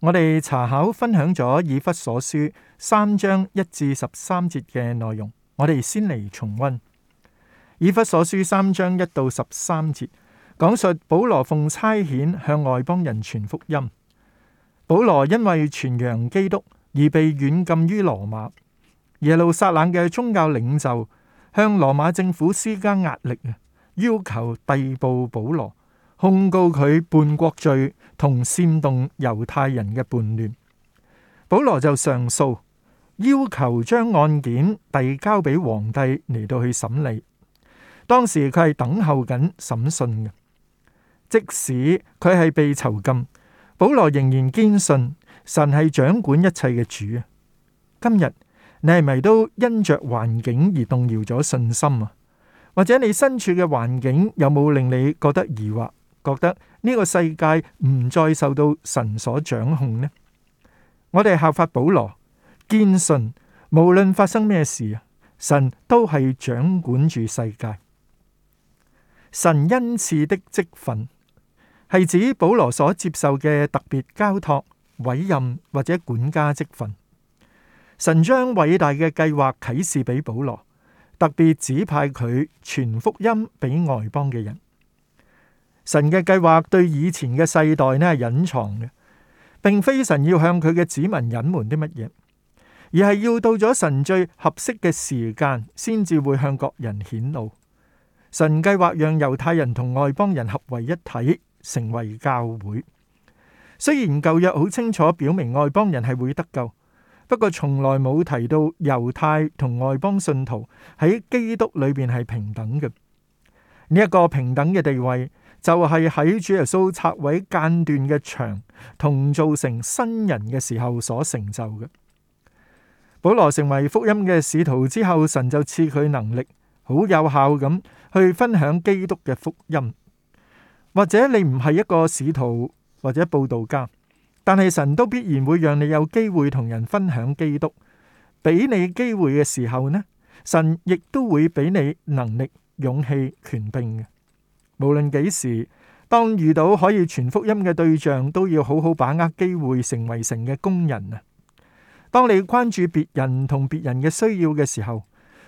我哋查考分享咗以弗所書三章一至十三節嘅內容，我哋先嚟重溫以弗所書三章一到十三節，講述保羅奉差遣向外邦人傳福音。保羅因為傳揚基督而被軟禁於羅馬。耶路撒冷嘅宗教領袖向羅馬政府施加壓力，要求逮捕保羅。控告佢叛國罪同煽動猶太人嘅叛亂，保羅就上訴，要求將案件遞交俾皇帝嚟到去審理。當時佢係等候緊審訊嘅，即使佢係被囚禁，保羅仍然堅信神係掌管一切嘅主啊！今日你係咪都因着環境而動搖咗信心啊？或者你身處嘅環境有冇令你覺得疑惑？覺得呢個世界唔再受到神所掌控呢？我哋效法保羅，堅信無論發生咩事啊，神都係掌管住世界。神恩賜的職份，係指保羅所接受嘅特別交託、委任或者管家職份。神將偉大嘅計劃啟示俾保羅，特別指派佢傳福音俾外邦嘅人。神嘅計劃對以前嘅世代呢，係隱藏嘅，並非神要向佢嘅子民隱瞞啲乜嘢，而係要到咗神最合適嘅時間，先至會向各人顯露。神計劃讓猶太人同外邦人合為一體，成為教會。雖然舊約好清楚表明外邦人係會得救，不過從來冇提到猶太同外邦信徒喺基督裏邊係平等嘅。呢一個平等嘅地位，就係喺主耶穌拆位間斷嘅牆、同造成新人嘅時候所成就嘅。保羅成為福音嘅使徒之後，神就賜佢能力，好有效咁去分享基督嘅福音。或者你唔係一個使徒或者布道家，但係神都必然會讓你有機會同人分享基督。俾你機會嘅時候呢，神亦都會俾你能力、勇氣、權柄嘅。無論幾時，當遇到可以傳福音嘅對象，都要好好把握機會，成為神嘅工人啊！當你關注別人同別人嘅需要嘅時候，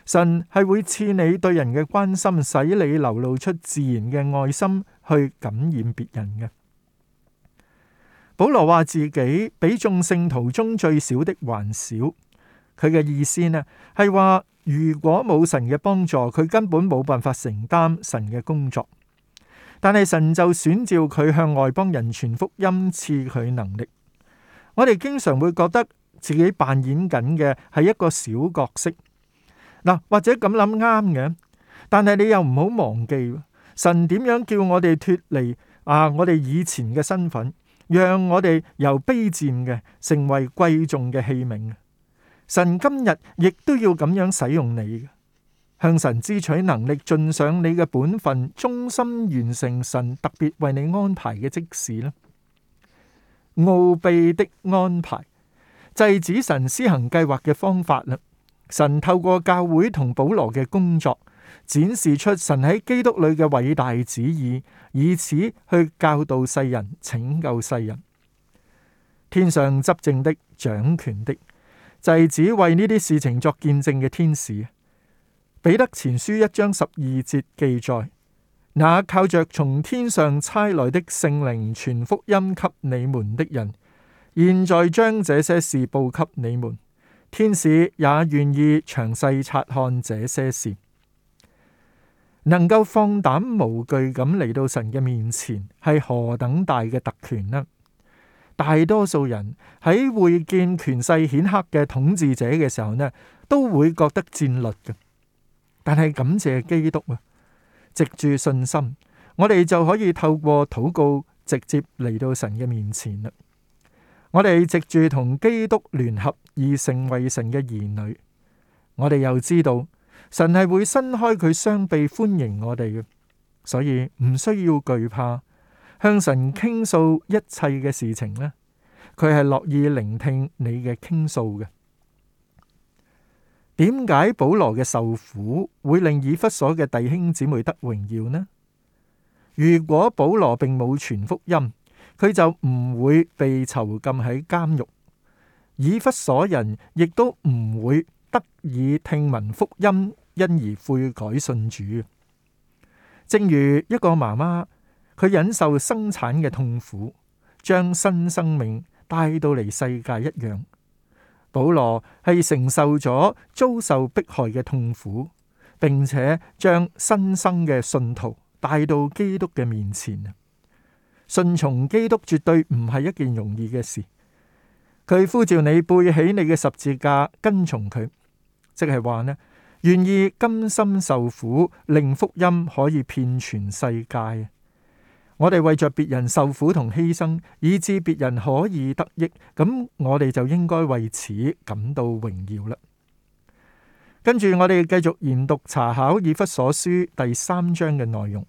神係會賜你對人嘅關心，使你流露出自然嘅愛心去感染別人嘅。保羅話自己比眾聖徒中最小的還小，佢嘅意思呢係話，如果冇神嘅幫助，佢根本冇辦法承擔神嘅工作。但係神就選召佢向外邦人傳福音，賜佢能力。我哋經常會覺得自己扮演緊嘅係一個小角色。嗱，或者咁諗啱嘅，但係你又唔好忘記，神點樣叫我哋脫離啊，我哋以前嘅身份，讓我哋由卑賤嘅成為貴重嘅器皿。神今日亦都要咁樣使用你嘅。向神支取能力，盡上你嘅本分，忠心完成神，神特別為你安排嘅職事啦。奧祕的安排，制止神施行計劃嘅方法啦。神透過教會同保羅嘅工作，展示出神喺基督裏嘅偉大旨意，以此去教導世人、拯救世人。天上執政的、掌權的、制止為呢啲事情作見證嘅天使。彼得前書一章十二節記載，那靠着從天上差來的聖靈傳福音給你們的人，現在將這些事報給你們，天使也願意詳細察看這些事，能夠放膽無懼咁嚟到神嘅面前，係何等大嘅特權呢？大多數人喺會見權勢顯赫嘅統治者嘅時候呢，都會覺得戰慄嘅。但係感謝基督啊，藉住信心，我哋就可以透過禱告直接嚟到神嘅面前啦。我哋藉住同基督聯合而成為神嘅兒女，我哋又知道神係會伸開佢雙臂歡迎我哋嘅，所以唔需要懼怕向神傾訴一切嘅事情呢，佢係樂意聆聽你嘅傾訴嘅。點解保羅嘅受苦會令以弗所嘅弟兄姊妹得榮耀呢？如果保羅並冇傳福音，佢就唔會被囚禁喺監獄，以弗所人亦都唔會得以聽聞福音，因而悔改信主。正如一個媽媽，佢忍受生產嘅痛苦，將新生命帶到嚟世界一樣。保羅係承受咗遭受迫害嘅痛苦，並且將新生嘅信徒帶到基督嘅面前啊！順從基督絕對唔係一件容易嘅事。佢呼召你背起你嘅十字架，跟從佢，即係話呢，願意甘心受苦，令福音可以遍全世界。我哋為着別人受苦同犧牲，以致別人可以得益，咁我哋就應該為此感到榮耀啦。跟住我哋繼續研讀查考《以弗所書》第三章嘅內容，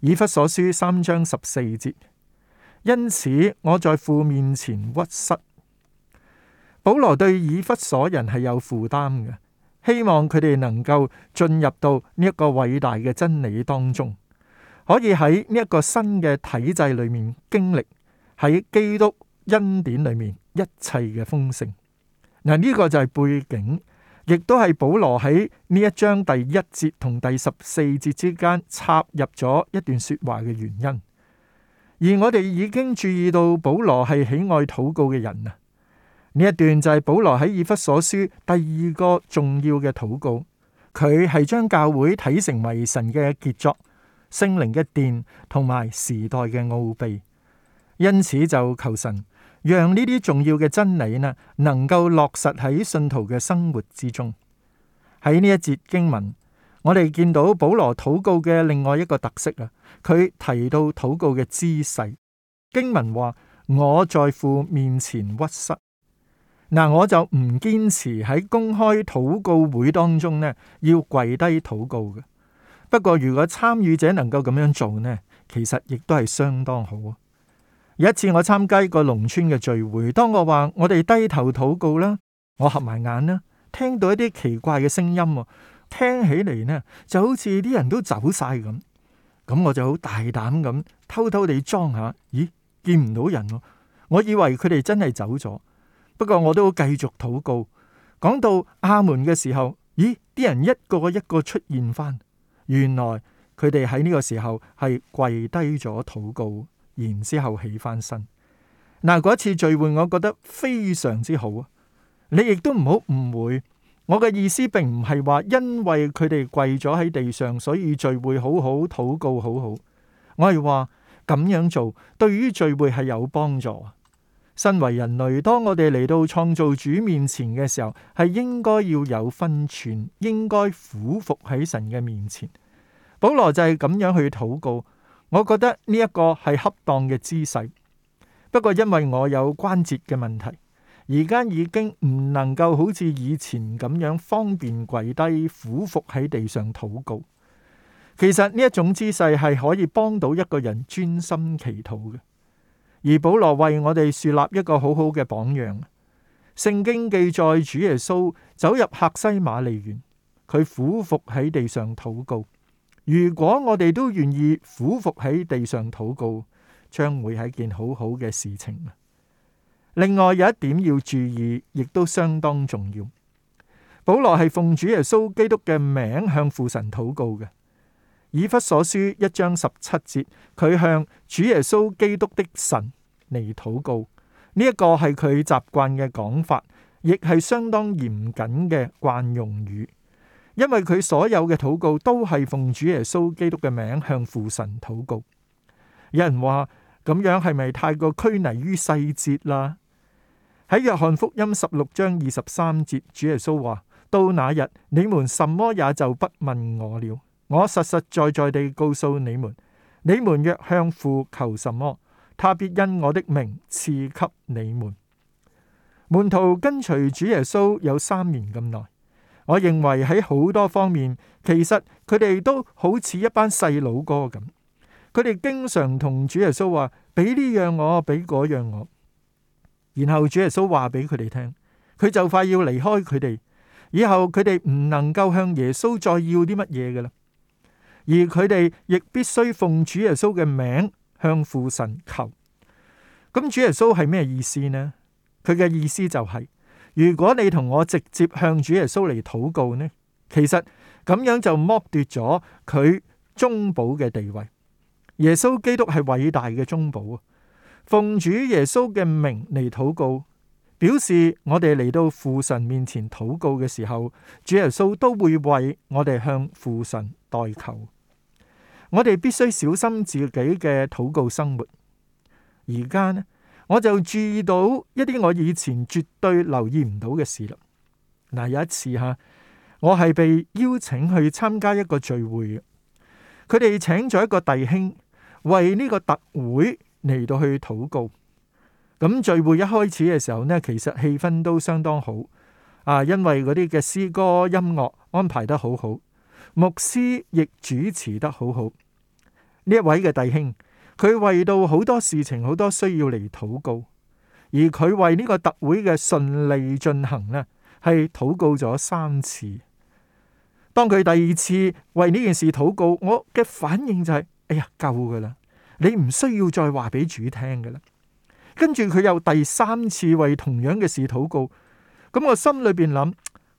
以弗所書三章十四節。因此我在父面前屈膝。保羅對以弗所人係有負擔嘅，希望佢哋能夠進入到呢一個偉大嘅真理當中。可以喺呢一個新嘅體制裏面經歷喺基督恩典裏面一切嘅豐盛嗱，呢個就係背景，亦都係保羅喺呢一章第一節同第十四節之間插入咗一段說話嘅原因。而我哋已經注意到保羅係喜愛禱告嘅人啊。呢一段就係保羅喺以弗所書第二個重要嘅禱告，佢係將教會睇成為神嘅傑作。聖靈嘅電同埋時代嘅奧秘，因此就求神讓呢啲重要嘅真理呢，能夠落實喺信徒嘅生活之中。喺呢一節經文，我哋見到保羅禱告嘅另外一個特色啊，佢提到禱告嘅姿勢。經文話：我在父面前屈膝。嗱，我就唔堅持喺公開禱告會當中呢，要跪低禱告嘅。不過如果參與者能夠咁樣做呢，其實亦都係相當好啊。有一次我參加一個農村嘅聚會，當我話我哋低頭禱告啦，我合埋眼啦，聽到一啲奇怪嘅聲音，聽起嚟，呢就好似啲人都走晒咁。咁我就好大膽咁偷偷地裝下，咦，見唔到人喎，我以為佢哋真係走咗。不過我都繼續禱告，講到阿門嘅時候，咦，啲人一個一個出現翻。原來佢哋喺呢個時候係跪低咗禱告，然之後起翻身。嗱，嗰次聚會，我覺得非常之好啊！你亦都唔好誤會，我嘅意思並唔係話因為佢哋跪咗喺地上，所以聚會好好，禱告好好。我係話，咁樣做對於聚會係有幫助。身為人類，當我哋嚟到創造主面前嘅時候，係應該要有分寸，應該俯伏喺神嘅面前。保羅就係咁樣去禱告，我覺得呢一個係恰當嘅姿勢。不過因為我有關節嘅問題，而家已經唔能夠好似以前咁樣方便跪低俯伏喺地上禱告。其實呢一種姿勢係可以幫到一個人專心祈禱嘅。而保羅為我哋樹立一個好好嘅榜樣。聖經記載主耶穌走入客西馬尼園，佢俯伏喺地上禱告。如果我哋都願意俯伏喺地上禱告，將會係件好好嘅事情。另外有一點要注意，亦都相當重要。保羅係奉主耶穌基督嘅名向父神禱告嘅。以弗所書一章十七節，佢向主耶穌基督的神嚟禱告。呢一個係佢習慣嘅講法，亦係相當嚴謹嘅慣用語。因為佢所有嘅禱告都係奉主耶穌基督嘅名向父神禱告。有人話咁樣係咪太過拘泥於細節啦？喺約翰福音十六章二十三節，主耶穌話：到那日，你們什麼也就不問我了。我實實在在地告訴你們，你們若向父求什麼，他必因我的名賜給你們。門徒跟隨主耶穌有三年咁耐，我認為喺好多方面，其實佢哋都好似一班細佬哥咁。佢哋經常同主耶穌話：俾呢樣我，俾嗰樣我。然後主耶穌話俾佢哋聽，佢就快要離開佢哋，以後佢哋唔能夠向耶穌再要啲乜嘢嘅啦。而佢哋亦必須奉主耶穌嘅名向父神求。咁主耶穌係咩意思呢？佢嘅意思就係，如果你同我直接向主耶穌嚟禱告呢，其實咁樣就剝奪咗佢中保嘅地位。耶穌基督係偉大嘅中保啊！奉主耶穌嘅名嚟禱告，表示我哋嚟到父神面前禱告嘅時候，主耶穌都會為我哋向父神代求。我哋必須小心自己嘅禱告生活。而家呢，我就注意到一啲我以前絕對留意唔到嘅事啦。嗱，有一次吓，我係被邀請去參加一個聚會，佢哋請咗一個弟兄為呢個特會嚟到去禱告。咁聚會一開始嘅時候呢，其實氣氛都相當好啊，因為嗰啲嘅詩歌音樂安排得好好。牧師亦主持得好好，呢一位嘅弟兄，佢為到好多事情，好多需要嚟禱告，而佢為呢個特會嘅順利進行呢，係禱告咗三次。當佢第二次為呢件事禱告，我嘅反應就係：哎呀，夠噶啦，你唔需要再話俾主聽噶啦。跟住佢又第三次為同樣嘅事禱告，咁我心裏邊諗：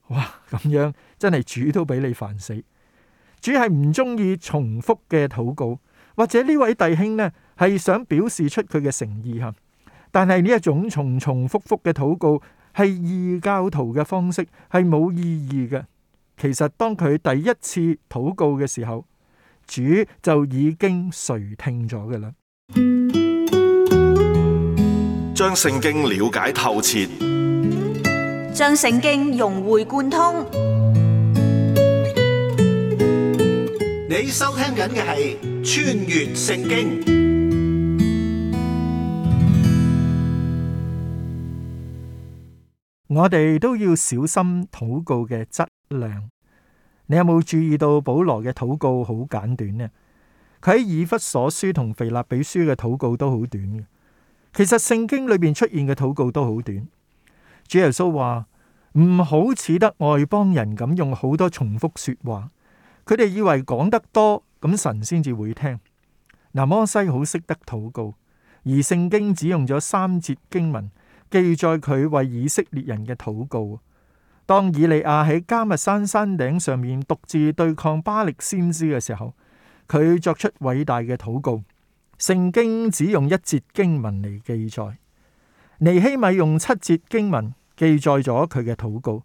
哇，咁樣真係主都俾你煩死！主係唔中意重複嘅禱告，或者呢位弟兄呢係想表示出佢嘅誠意吓，但係呢一種重重複複嘅禱告係異教徒嘅方式，係冇意義嘅。其實當佢第一次禱告嘅時候，主就已經垂聽咗嘅啦。將聖經了解透徹，將聖經融會貫通。你收聽緊嘅係穿越聖經，我哋都要小心禱告嘅質量。你有冇注意到保羅嘅禱告好簡短呢？佢喺以弗所書同腓立比書嘅禱告都好短嘅。其實聖經裏邊出現嘅禱告都好短。主耶穌話唔好似得外邦人咁用好多重複說話。佢哋以為講得多，咁神先至會聽。嗱，摩西好識得禱告，而聖經只用咗三節經文記載佢為以色列人嘅禱告。當以利亞喺迦密山山頂上面獨自對抗巴力先知嘅時候，佢作出偉大嘅禱告。聖經只用一節經文嚟記載。尼希米用七節經文記載咗佢嘅禱告。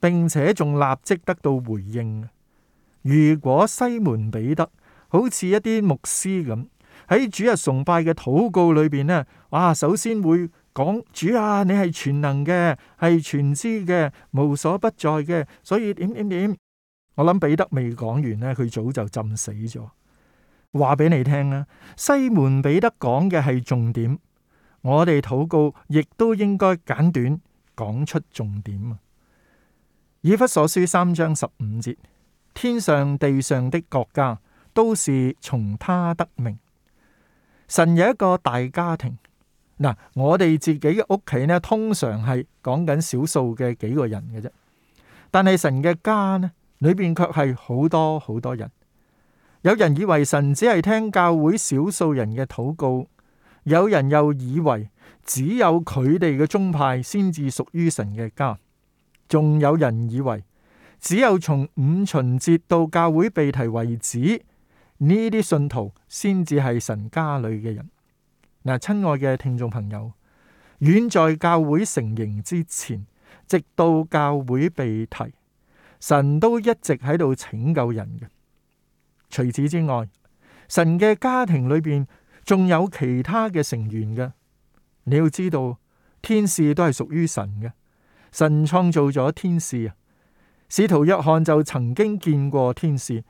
並且仲立即得到回應。如果西門彼得好似一啲牧師咁喺主日崇拜嘅禱告裏邊咧，哇、啊，首先會講主啊，你係全能嘅，係全知嘅，無所不在嘅，所以點點點。我諗彼得未講完呢，佢早就浸死咗。話俾你聽啦，西門彼得講嘅係重點，我哋禱告亦都應該簡短講出重點。以弗所書三章十五節，天上地上的國家都是從他得名。神有一個大家庭，嗱，我哋自己嘅屋企呢，通常係講緊少數嘅幾個人嘅啫。但係神嘅家呢，裏邊卻係好多好多人。有人以為神只係聽教會少數人嘅禱告，有人又以為只有佢哋嘅宗派先至屬於神嘅家。仲有人以為只有從五旬節到教會被提為止，呢啲信徒先至係神家裏嘅人。嗱，親愛嘅聽眾朋友，遠在教會成形之前，直到教會被提，神都一直喺度拯救人嘅。除此之外，神嘅家庭裏面仲有其他嘅成員嘅。你要知道，天使都係屬於神嘅。神創造咗天使啊，使徒約翰就曾經見過天使。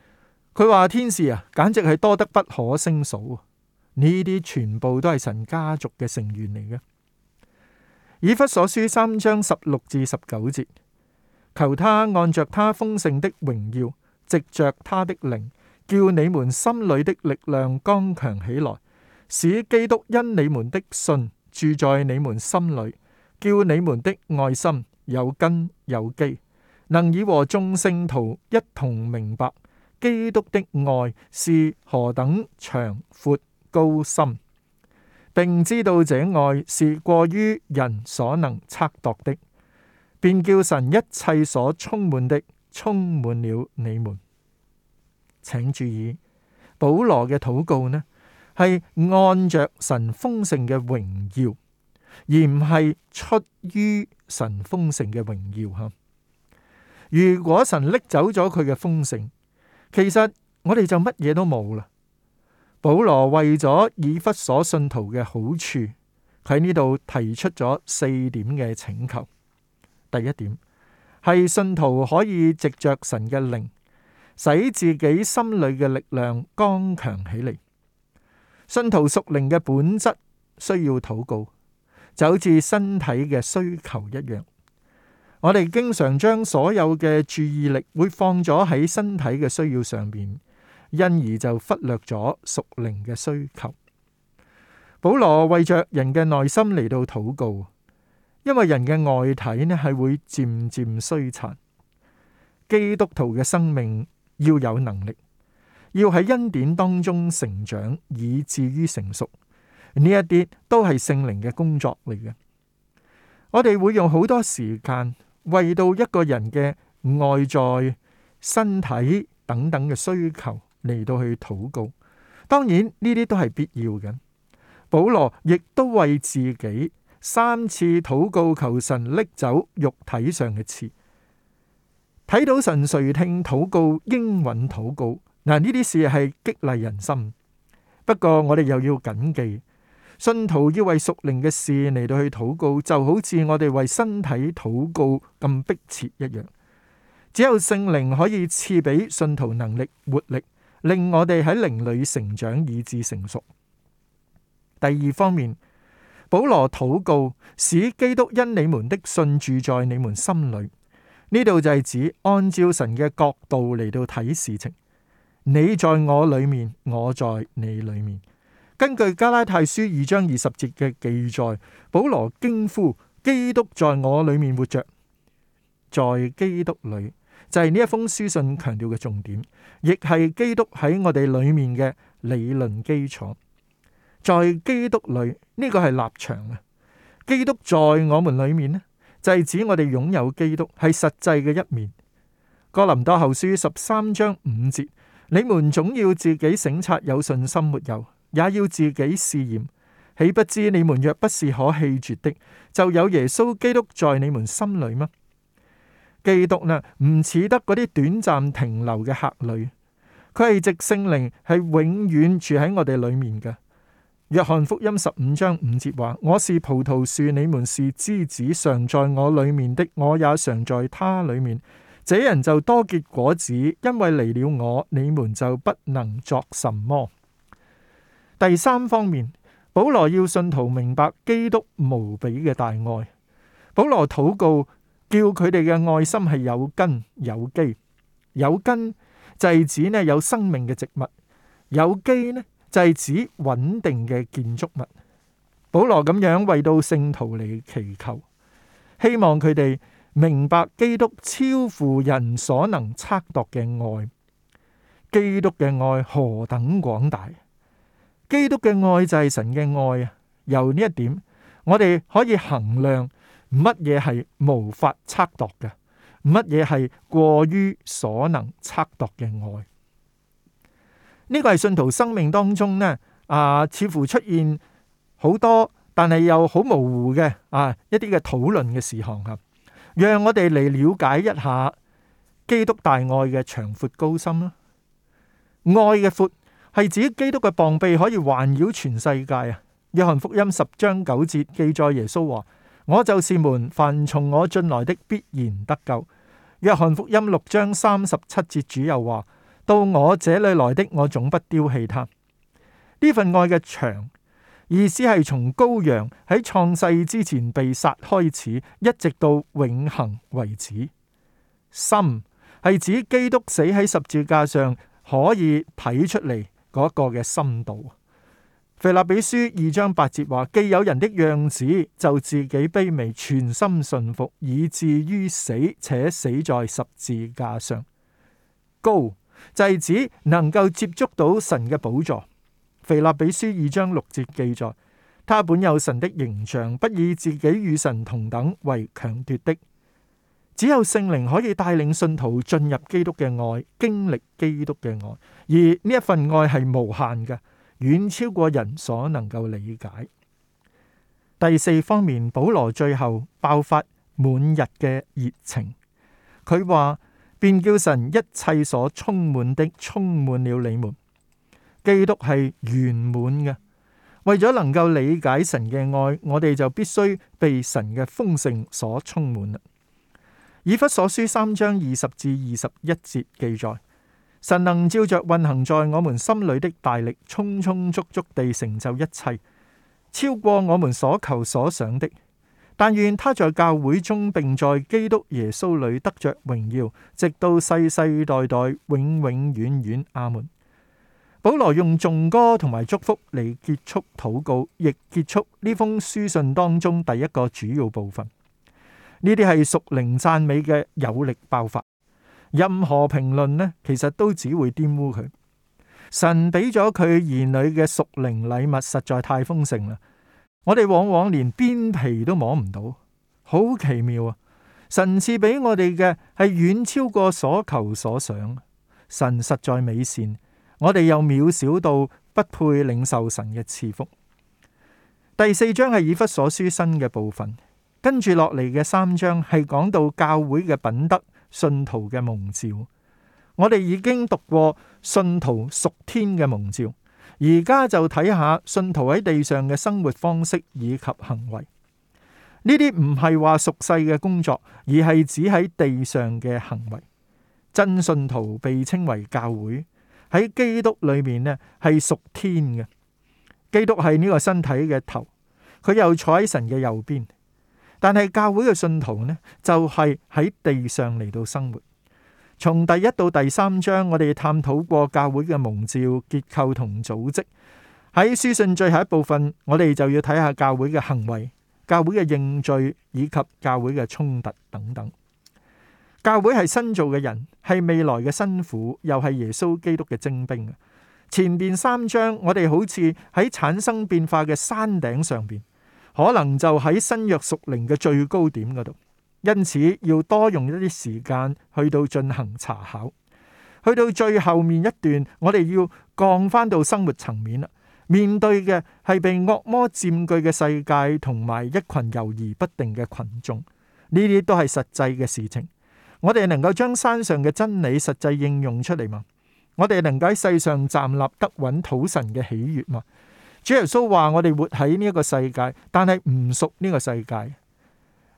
佢話天使啊，簡直係多得不可勝數啊！呢啲全部都係神家族嘅成員嚟嘅。以弗所書三章十六至十九節，求他按着他豐盛的榮耀，藉着他的靈，叫你們心裏的力量剛強起來，使基督因你們的信住在你們心裏，叫你們的愛心，有根有基，能以和眾聖徒一同明白基督的愛是何等長闊高深，並知道這愛是過於人所能測度的，便叫神一切所充滿的充滿了你們。請注意，保羅嘅禱告呢，係按着神豐盛嘅榮耀。而唔係出於神豐盛嘅榮耀吓。如果神拎走咗佢嘅豐盛，其實我哋就乜嘢都冇啦。保羅為咗以弗所信徒嘅好處，佢喺呢度提出咗四點嘅請求。第一點係信徒可以藉着神嘅靈，使自己心裏嘅力量剛強起嚟。信徒屬靈嘅本質需要禱告。就好似身體嘅需求一樣，我哋經常將所有嘅注意力會放咗喺身體嘅需要上面，因而就忽略咗屬靈嘅需求。保羅為著人嘅內心嚟到禱告，因為人嘅外體呢，係會漸漸衰殘。基督徒嘅生命要有能力，要喺恩典當中成長，以至於成熟。呢一啲都係聖靈嘅工作嚟嘅。我哋會用好多時間為到一個人嘅外在身體等等嘅需求嚟到去禱告。當然呢啲都係必要嘅。保羅亦都為自己三次禱告，求神拎走肉體上嘅刺。睇到神垂聽禱告，應允禱告嗱，呢啲事係激勵人心。不過我哋又要謹記。信徒要為屬靈嘅事嚟到去禱告，就好似我哋為身體禱告咁迫切一樣。只有聖靈可以賜俾信徒能力、活力，令我哋喺靈裏成長以至成熟。第二方面，保羅禱告使基督因你們的信住在你們心裏。呢度就係指按照神嘅角度嚟到睇事情。你在我裏面，我在你裏面。根據加拉太書二章二十節嘅記載，保羅驚呼：基督在我裏面活着，在基督裏就係呢一封書信強調嘅重點，亦係基督喺我哋裏面嘅理論基礎。在基督裏呢、這個係立場啊，基督在我們裏面呢，就係、是、指我哋擁有基督係實際嘅一面。哥林多後書十三章五節：你們總要自己省察，有信心沒有？也要自己試驗，豈不知你們若不是可棄絕的，就有耶穌基督在你們心裏嗎？基督呢，唔似得嗰啲短暫停留嘅客旅，佢係直聖靈，係永遠住喺我哋裏面嘅。約翰福音十五章五節話：我是葡萄樹，你們是枝子，常在我裏面的，我也常在他裏面。這人就多結果子，因為離了我，你們就不能作什麼。第三方面，保羅要信徒明白基督無比嘅大愛。保羅禱告，叫佢哋嘅愛心係有根有基。有根就係指呢有生命嘅植物；有基呢就係指穩定嘅建築物。保羅咁樣為到聖徒嚟祈求，希望佢哋明白基督超乎人所能測度嘅愛。基督嘅愛何等廣大！基督嘅愛就係神嘅愛啊！由呢一點，我哋可以衡量乜嘢係無法測度嘅，乜嘢係過於所能測度嘅愛。呢個係信徒生命當中呢啊，似乎出現好多，但係又好模糊嘅啊，一啲嘅討論嘅事項啊，讓我哋嚟了解一下基督大愛嘅長闊高深啦。愛嘅闊。係指基督嘅膀臂可以環繞全世界啊。約翰福音十章九節記載耶穌話：，我就是門，凡從我進來的必然得救。約翰福音六章三十七節，主又話：，到我這裏來的，我總不丟棄他。呢份愛嘅長意思係從羔羊喺創世之前被殺開始，一直到永恆為止。深係指基督死喺十字架上可以睇出嚟。嗰個嘅深度，腓立比書二章八節話：，既有人的樣子，就自己卑微，全心順服，以至於死，且死在十字架上。高就係、是、指能夠接觸到神嘅寶座。腓立比書二章六節記載：，他本有神的形象，不以自己與神同等為強奪的。只有聖靈可以帶領信徒進入基督嘅愛，經歷基督嘅愛，而呢一份愛係無限嘅，遠超過人所能夠理解。第四方面，保羅最後爆發滿日嘅熱情，佢話便叫神一切所充滿的充滿了你們。基督係圓滿嘅，為咗能夠理解神嘅愛，我哋就必須被神嘅豐盛所充滿。以弗所書三章二十至二十一節記載，神能照着運行在我們心裏的大力，充充足足地成就一切，超過我們所求所想的。但願他在教會中，並在基督耶穌裏得着榮耀，直到世世代代永永遠遠遠。阿門。保羅用頌歌同埋祝福嚟結束禱告，亦結束呢封書信當中第一個主要部分。呢啲係屬靈讚美嘅有力爆發，任何評論呢，其實都只會玷污佢。神俾咗佢兒女嘅屬靈禮物實在太豐盛啦，我哋往往連邊皮都摸唔到，好奇妙啊！神賜俾我哋嘅係遠超過所求所想，神實在美善，我哋又渺小到不配領受神嘅賜福。第四章係以弗所書新嘅部分。跟住落嚟嘅三章係講到教會嘅品德、信徒嘅蒙召。我哋已經讀過信徒屬天嘅蒙召，而家就睇下信徒喺地上嘅生活方式以及行為。呢啲唔係話屬世嘅工作，而係指喺地上嘅行為。真信徒被稱為教會喺基督裏面呢，係屬天嘅。基督係呢個身體嘅頭，佢又坐喺神嘅右邊。但係教會嘅信徒呢，就係喺地上嚟到生活。從第一到第三章，我哋探討過教會嘅蒙召、結構同組織。喺書信最後一部分，我哋就要睇下教會嘅行為、教會嘅認罪以及教會嘅衝突等等。教會係新造嘅人，係未來嘅新婦，又係耶穌基督嘅精兵。前邊三章，我哋好似喺產生變化嘅山頂上邊。可能就喺新約屬靈嘅最高點嗰度，因此要多用一啲時間去到進行查考，去到最後面一段，我哋要降翻到生活層面。面對嘅係被惡魔占據嘅世界同埋一群猶豫不定嘅群眾，呢啲都係實際嘅事情。我哋能夠將山上嘅真理實際應用出嚟嘛？我哋能夠喺世上站立得穩土神嘅喜悦嘛？主耶穌話：我哋活喺呢一個世界，但係唔屬呢個世界。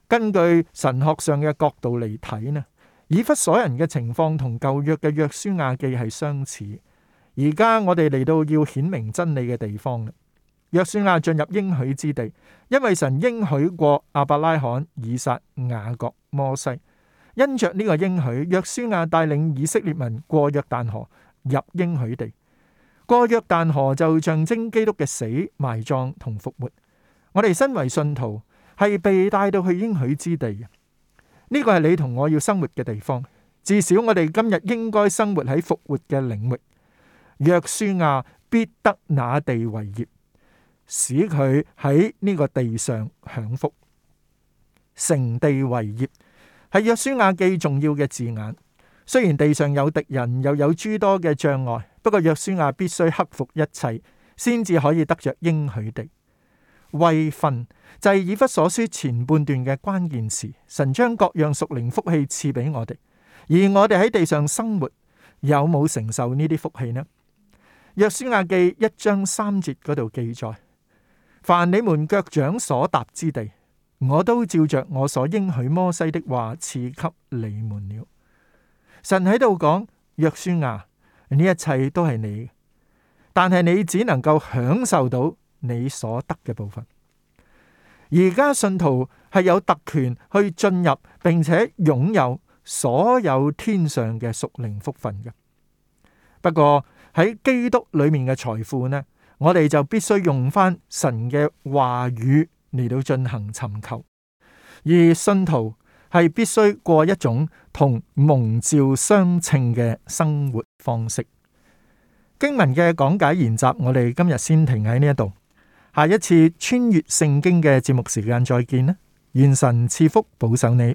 根據神學上嘅角度嚟睇呢，以弗所人嘅情況同舊約嘅約書亞記係相似。而家我哋嚟到要顯明真理嘅地方啦。約書亞進入應許之地，因為神應許過亞伯拉罕、以撒、雅各、摩西，因着呢個應許，約書亞帶領以色列民過約旦河，入應許地。過約旦河就象徵基督嘅死、埋葬同復活。我哋身為信徒，係被帶到去應許之地。呢個係你同我要生活嘅地方。至少我哋今日應該生活喺復活嘅領域。約書亞必得那地為業，使佢喺呢個地上享福。成地為業係約書亞記重要嘅字眼。雖然地上有敵人，又有諸多嘅障礙。不過約書亞必須克服一切，先至可以得着應許地為份，就係、是、以弗所書前半段嘅關鍵詞。神將各樣屬靈福氣賜俾我哋，而我哋喺地上生活，有冇承受呢啲福氣呢？約書亞記一章三節嗰度記載：凡你們腳掌所踏之地，我都照着我所應許摩西的話賜給你們了。神喺度講約書亞。呢一切都係你，但係你只能夠享受到你所得嘅部分。而家信徒係有特權去進入並且擁有所有天上嘅屬靈福分嘅。不過喺基督裏面嘅財富呢，我哋就必須用返神嘅話語嚟到進行尋求，而信徒。係必須過一種同蒙召相稱嘅生活方式。經文嘅講解研習，我哋今日先停喺呢一度。下一次穿越聖經嘅節目時間再見啦！願神賜福保守你。